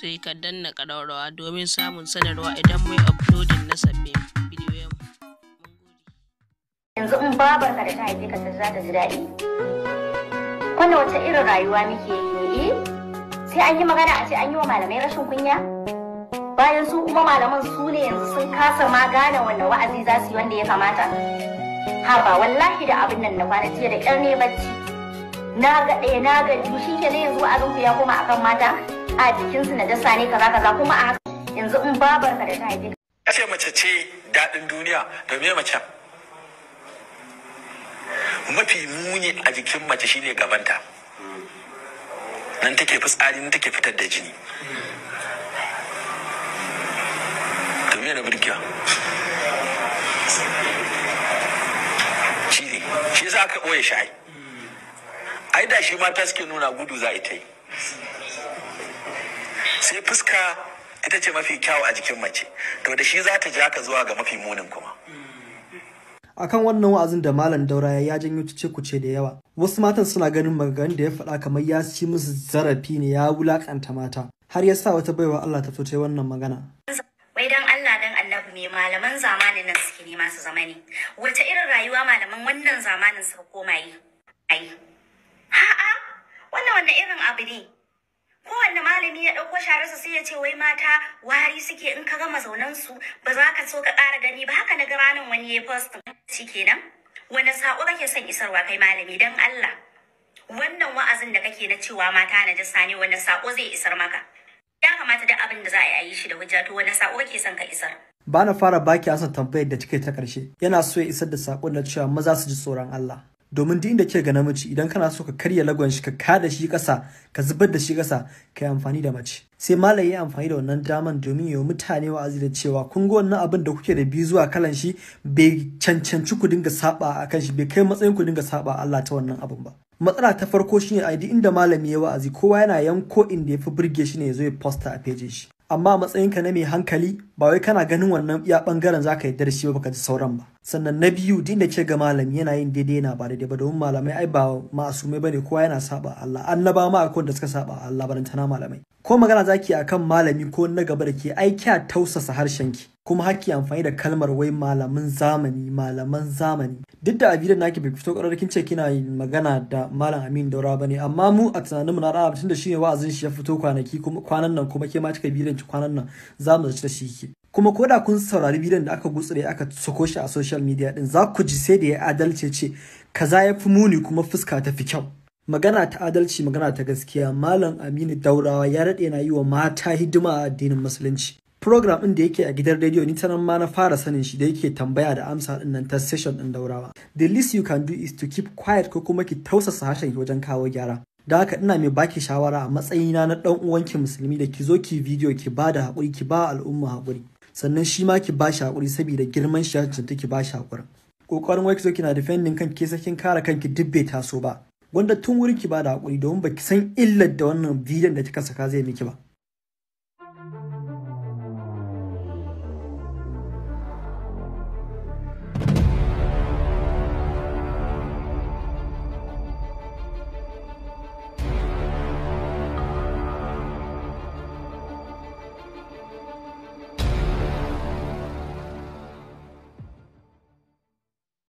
sai ka danna ƙararrawa domin samun sanarwa idan mai uploading na sabbin bidiyoyin. Yanzu in babar ka da ta haife ka za ta ji daɗi. Wannan wace irin rayuwa muke yi eh, sai an yi magana a ce an yi wa malamai rashin kunya? Bayan su kuma malaman su ne yanzu sun kasa ma gane wanda wa'azi za su yi wanda ya kamata. Haba wallahi da abin nan na kwana jiya da ƙyar ne bacci. na ga ɗaya na ga shi ke yanzu a ya koma akan mata a jikinsu na jasa ne kaza kaza kuma a yanzu in babar ka da ta haife ka ce mace ce daɗin duniya domin mace mafi muni a jikin mace shine gabanta nan take fitsari nan take fitar da jini domin yana birkiya shi ne shi za ka ɓoye shayi ai da shi mata suke nuna gudu za ita yi sai fuska ita ce mafi kyau a jikin mace to da shi za ta ja ka zuwa ga mafi munin kuma akan wannan wa'azin da malam daura ya janyo cice kuce da yawa wasu matan suna ganin maganganun da ya faɗa kamar ya ci musu zarafi ne ya wulakanta mata har ya sa wata baiwa Allah ta fito wannan magana wai dan Allah dan Annabi, me malaman zamanin nan suke ne masu zamani, wata irin rayuwa malaman wannan zamanin suka koma yi ai ha'a wannan wannan irin abu ne kowanne malami ya ɗauko shararsa sai ya ce wai mata wari suke in ka ga mazaunan su ba za ka so ka ƙara gani ba haka na ga ranar wani ya post shi kenan wani sa'o kake son isarwa kai malami dan Allah wannan wa'azin da kake na cewa mata na jissa ne wani sa'o zai isar maka ya kamata duk abin da za a yi shi da hujja to wani sa'o kake son ka isar ba na fara baki asan tambayar da kika ta karshe yana so ya isar da saƙon na cewa maza su ji tsoron Allah domin duk inda ke ga namiji idan kana so ka karya lagon shi ka kada shi kasa ka zubar da shi kasa ka yi amfani da mace sai Malami ya amfani da wannan daman domin yi mutane wa'azi da cewa kun ga wannan abin da kuke da bi zuwa kalan shi bai cancanci ku dinga saba a kan shi bai kai matsayin ku dinga saba Allah ta wannan abin ba matsala ta farko shine a duk inda malami ya wa'azi kowa yana yanko inda ya fi burge shi ne ya zo ya posta a pejin shi amma matsayinka na mai hankali ba wai kana ganin wannan iya bangaren za ka yarda da shi ba ka ji sauran ba sannan na biyu din da ke ga malami yana yin daidai yana ba daidai ba domin malamai ai ba ba bane kowa yana saba Allah annaba ma akwai wanda suka saba Allah barantana malamai ko magana zaki akan malami ko na gaba da ke ai a tausasa harshen ki kuma haƙƙi amfani da kalmar wai malamin zamani malaman zamani duk da a nake bai fito ƙarar kin ce kina magana da malam Amin Daura ne, amma mu a tunanin mu na ra'a da shi ne wa'azin shi ya fito kwanaki kuma kwanan nan kuma ke ma kika bidiyon kwanan nan za mu zaci da shi ke kuma ko da kun saurari bidiyon da aka gutsure aka sako shi a social media din za ku ji sai da ya adalce ce kaza ya fi muni kuma fuska ta fi kyau magana ta adalci magana ta gaskiya malam Aminu Daurawa ya daɗe na yi wa mata hidima a addinin musulunci program din da yake a gidan rediyo ni ta nan ma na fara sanin shi da yake tambaya da amsa ɗin nan ta session din daurawa the least you can do is to keep quiet ko kuma ki tausasa harshen wajen kawo gyara da haka ina mai baki shawara a matsayina na ɗan uwanki musulmi da ki zo ki bidiyo ki ba da haƙuri ki ba al'umma haƙuri sannan shi ma ki ba shi haƙuri saboda girman shi ya ki ba shi haƙuri kokarin wai ki zo kina defending kan ke sakin kare kanki duk bai taso ba wanda tun wuri ki ba da haƙuri domin ki san illar da wannan bidiyon da kika saka zai miki ba